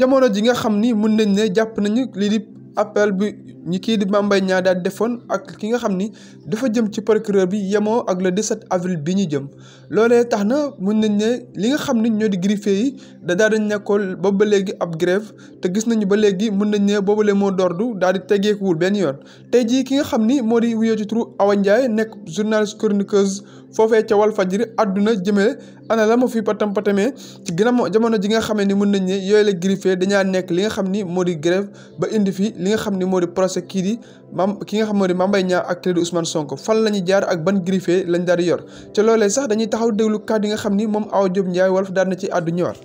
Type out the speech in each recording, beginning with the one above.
jamono ji nga xam ni mën nañ ne jàpp nañu lii di appel bi ñu kii di Mame ñaa Niang daal defoon ak ki nga xam ni dafa jëm ci procureur bi yemoo ak le 17 avril bi ñu jëm loolee tax na mën nañ ne li nga xam ni ñoo di greffier yi da daal dañ nekkoon ba ba léegi ab grève te gis nañu ba léegi mun nañ ne boobule moo dordu daal di tegeekuwul benn yoon tey jii ki nga xam ni moo di wuyoo ci turu Awa Ndiaye nekk journaliste chroniqueuse foofee ca wal fajiri àdduna jëmee ana la ma fi patam patamee ci ginnaaw jamono ji nga xam ne mën nañ ne yooyu la griffé dañaa nekk li nga xam ni moo di grève ba indi fi li nga xam ni moo di procès kii di mam ki nga xam moo di Mame Mbaye Niang ak kii di Ousmane Sonko fan la ñuy jaar ak ban griffé lañ daal di yor ca loolee sax dañuy taxaw déglu kàddu yi nga xam ni moom Awa Diop Ndiaye Walf daal na ci àddu ñëwaat.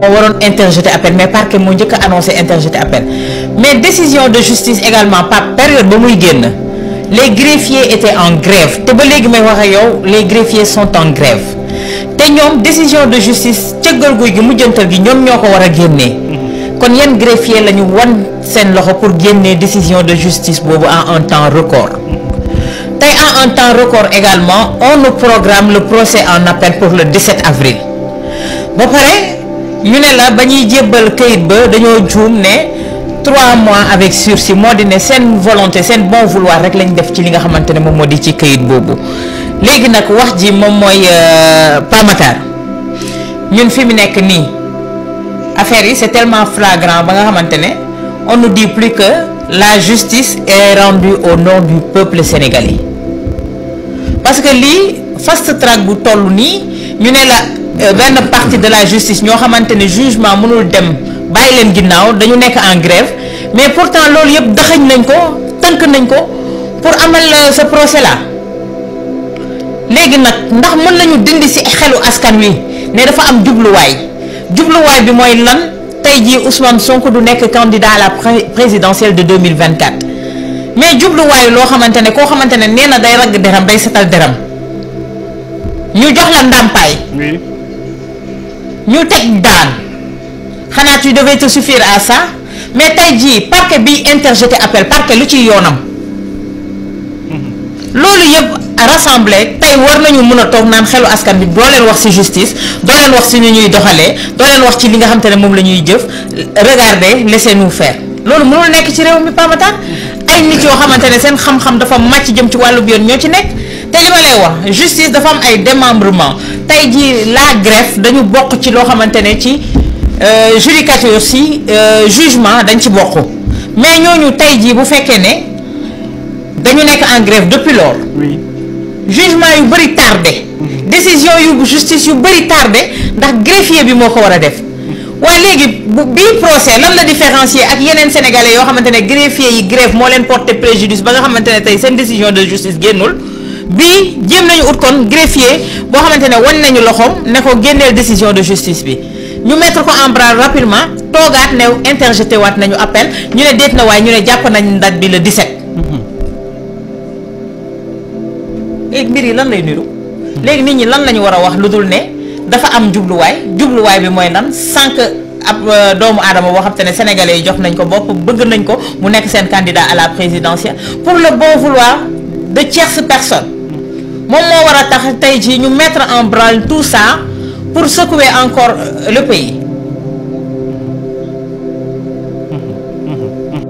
moo waroon interjeté appel mais parquet moo njëkk a annoncé interjeté appel mais décision de par période ba muy génn. les greffiers étaient en grève te ba léegi may wax ak yow les greffiers sont en grève te ñoom décision de justice cëggal guy gi mujjantal gi ñoom ñoo ko war a génnee kon yan greffier la wan seen loxo pour génnee décision de justice boobu en un temps record tey en un temps record également on nous programme le procès en appel pour le 17 avril ba pare ñu ne la ba ñuy jébbal kayit ba dañoo juum ne trois mois avec sursis moo di ne seen volonté seen bon vouloir rek lañu def ci li nga xamante ne moom moo di ci këyit boobu léegi nag wax ji moom mooy euh, Pamatar ñun fi mu nekk nii affaire yi c'est tellement flagrant ba nga xamante ne on nous dit plus que la justice est rendue au nom du peuple yi parce que lii fast track bu toll nii ñu ne la euh, benn partie de la justice ñoo xamante ne jugement mënul dem. bàyyi leen ginnaaw dañu nekk engrais grève mais pourtant loolu yëpp daxañ nañ ko tënk nañ ko pour amal euh, ce procès là léegi nag ndax mën nañu dindi ci xelu askan wi ne dafa am jubluwaay jubluwaay bi mooy lan tey jii Ousmane Sonko du nekk candidat à la présidentielle de 2024 mais jubluwaayu loo xamante ne koo xamante ne nee na day ragg deram day setal deram ñu jox la ndàmpaay ñu teg daan xanaa tu devais te suffire à ça mais tey jii parquet bi interjeté appel parquet lu ci yoonam loolu yëpp rassemblé tey war nañu mun a toog naan xelu askan bi doo leen wax ci justice doo wax ci ni ñuy doxalee doo wax ci li nga xam ne moom la ñuy jëf regardez laissez-nous faire loolu mënul nekk ci réew mi pamataan ay nit yoo xamante ne seen xam-xam dafa màcc jëm ci wàllu yoon ñoo ci nekk te li lay wax justice dafa am ay démembrement tey jii la greffe dañu bokk ci loo xamante ne ci Euh, judicature si euh, jugement dañ ci boq mais ñooñu tey jii bu fekkee ne dañu nekk en grève depuis loolu jugement yu bëri tardé mhm. décision yu justice yu bëri tarde ndax greffier bi moo ko war a def waaye léegi bu bii procès lan la différencier ak yeneen sénégalais yoo xamante ne greffier yi grève moo leen porté préjudice ba nga xamante ne tey seen décision de justice génnul bii jéem nañu ut kon greffier boo xamante ne wan nañu loxoom ne ko génneel décision de justice bi ñu mettre ko en branle rapidement toogaat new interjeté waat nañu appel ñu ne déet na waaye ñu ne jàpp nañ date bi la 17. léegi mbir yi lan lay niru. léegi nit ñi lan la ñu war a wax lu dul ne dafa am jubluwaay jubluwaay bi mooy lan sànq ab euh, doomu aadama boo xam te ne sénégalais yi jox nañ ko bopp bëgg nañ ko mu nekk seen candidat à la présidentielle pour le bon vouloir de tierce personne moom moo war a tax tey jii ñu mettre en branle tout ça. pour secouer encore euh, le pays.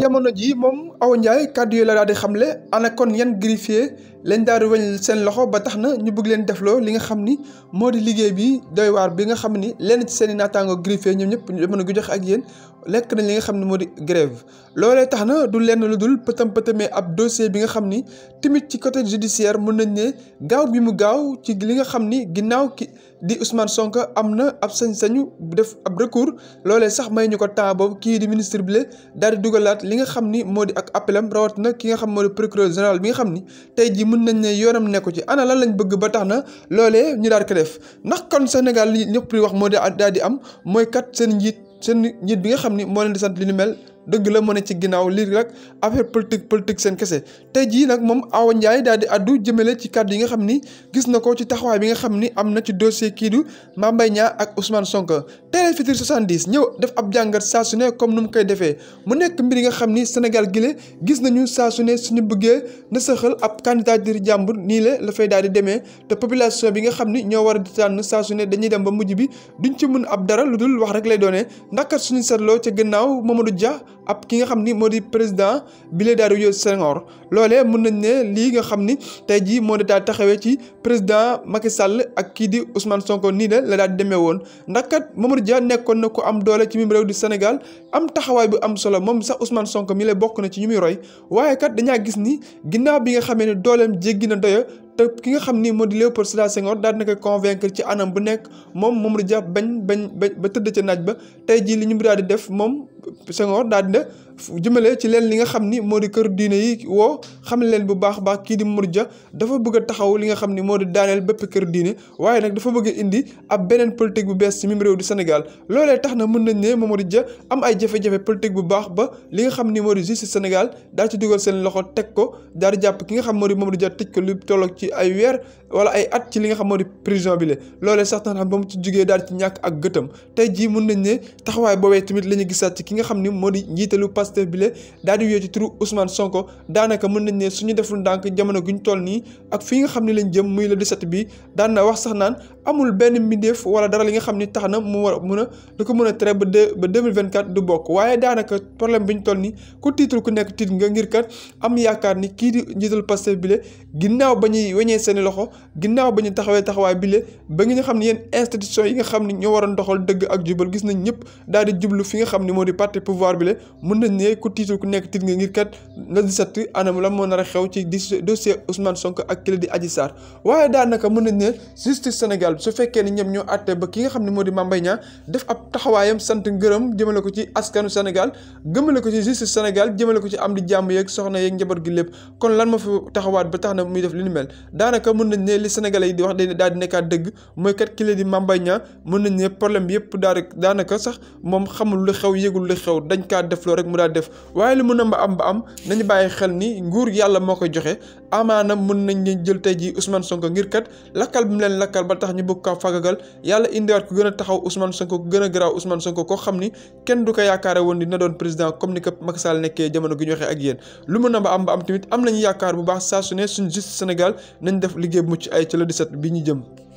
jamono ji moom Awa Ndiaye kàddu yi la daal di xamle ana yan greffier lañ daal di weñ seen loxo ba tax na ñu bugg leen defloo li nga xam ni moo di liggéey bi doy bi nga xam ni lenn ci seen i naataango griffier ñoom ñëpp jamono gu joxe ak yéen lekk nañ li nga xam ne moo di grève loolee tax na du lenn lu dul pëtam pëtamee ab dossier bi nga xam ni tamit ci côté judiciaire mën nañ ne gaaw bi mu gaaw ci li nga xam ni ginnaaw ki di Ousmane sonk am na ab sañ-sañu def ab recours loolee sax may ñu ko temps boobu kii di ministre bi la daal dugalaat li nga xam ni moo di ak appelam rawat na ki nga xam moo di procureur général bi nga xam ni mun nañ ne yoonam nekku ci ana lan lañ bëgg ba tax na loole ñu daal ko def ndax kon Sénégal li ñëpp di wax moo daal di am mooy kat seen njiit seen njiit bi nga xam ni moo leen di sant li nu mel dëgg la mën ne ci ginnaaw lii rek affaire politique politique seen kese tey jii nag moom Awa Ndiaye daal di addu jëmale ci kàddu yi nga xam ni gis na ko ci taxawaay bi nga xam ni am na ci dossier kii du Mame Mbaye Niang ak Ousmane Sonko Télé Futur 70 ñëw def ab jàngat saa su ne comme nu mu koy defee mu nekk mbir yi nga xam ni Sénégal gile gis nañu saa su ne suñu bëggee na saxal ab candidature jàmbur nii la la fay daal di demee te population bi nga xam ni ñoo war a tànn saa su dañuy dem ba mujj bi duñ ci mën ab dara lu dul wax rek lay doonee ndax suñu seetloo ca gannaaw Mamadou Dia ab ki nga xam ni moo di président bile daal di Senghor loolee mën nañ ne lii nga xam ni tey jii moo di daal taxawee ci président Macky Sall ak kii di Ousmane Sonko nii la la daal demee woon ndax kat Mamadou nekkoon na ko am doole ci mim réew di Sénégal am taxawaay bu am solo moom sax usman Sonko mi la bokk na ci ñu muy roy waaye kat dañaa gis ni ginnaaw bi nga xamee ne dooleem jéggi na doyo te ki nga xam ni moo di Léopold Sédar Senghor daal na koy convaincre ci anam bu nekk moom Mamadou Dia bañ bañ ba tëdd ca naaj ba tey jii li ñu daal di def moom Senghor daal di jëmale ci leen li nga di kër diine yi woo xam leen bu baax baax kii di Murja dafa bëgg a taxaw li nga xam ni moo di daaneel bépp kër diine waaye nag dafa bëgg a indi ab beneen politique bu bees ci mim réew di Sénégal loolee tax na mën nañ ne Mamadou Dia am ay jafe-jafe politique bu baax ba li nga xam ni moo di justice Sénégal daal ci dugal seen loxo teg ko daal di jàpp ki nga xam moo di Mamadou Dia tëj ko lu tolloog ci ay weer wala ay at ci li nga xam moo di prison bi la loolee sax tax na ba mu ci jugee daal ci ñàkk ak gëtam tey jii mën nañ ne taxawaay boobee tamit la gisaat ci ki nga xam ni moo di njiitalu Pastef bi la daadi di wéy ci turu Ousmane Sonko daanaka mën nañ ne suñu deful ndànk jamono guñ toll nii ak fi nga xam ne lañ jëm muy la le set bi daan na wax sax naan amul benn mbindeef wala dara li nga xam ni tax na mu war a mun a lu ko mën a tere ba deux ba deux mille vingt quatre du bokk waaye daanaka problème bi ñu toll nii ku ku nekk tiit nga ngir kat am yaakaar ni kii di njiital Pastef bile ginnaaw ba ñuy weñee seeni loxo ginnaaw ba ñu taxawee taxawaay bile ba nga xam ne yéen institution yi nga xam ne ñoo waroon doxal dëgg ak jubal gis nañ ñëpp daal di jublu fi nga xam ne moo di parti pouvoir bile mën nañ ne ku tiitul ku nekk tiit nga ngir kat la di sett anam la moo nar a xew ci dossier Ousmane Sonko ak kii di Adji Sarr waaye daanaka mën nañ ne justice Sénégal su fekkee ni ñoom ñoo àtte ba ki nga xam ne moo di Mame Mbaye Niang def ab taxawaayam sant gërëm jëmale ko ci askanu Sénégal gëmale ko ci justice Sénégal jëmale ko ci am di jàmm yeeg soxna yeeg njaboot gi lépp kon lan moo fi taxawaat ba tax na muy def li ni mel daanaka mën nañ ne li Sénégalais yi di wax dañ daal di nekkaat dëgg mooy kat ki di Mame Mbaye Niang mën nañ ne problème bi yëpp daa rek daanaka sax moom xamul lu xew yëgul lu xew dañ kaa def loo rek mu daal def waaye li mën a ba am ba am nañu bàyyi xel ni nguur yàlla moo koy joxe amaana mën nañ leen jël tey ji Ousmane Sonko ngir kat lakkal bi mu leen lakkal ba tax ñu bëgg ko fagagal yàlla indiwaat ku gën a taxaw Ousmane Sonko ku gën a garaaw Ousmane Sonko ko xam ni kenn du ko yaakaare woon dina doon président comme ni ko Macky Sall nekkee jamono gi ñu ak yéen lu mu na ba am ba am tamit am nañu yaakaar bu baax saa su ne suñu justice Sénégal nañ def liggéey bu mucc ay ci le 17 bi ñu jëm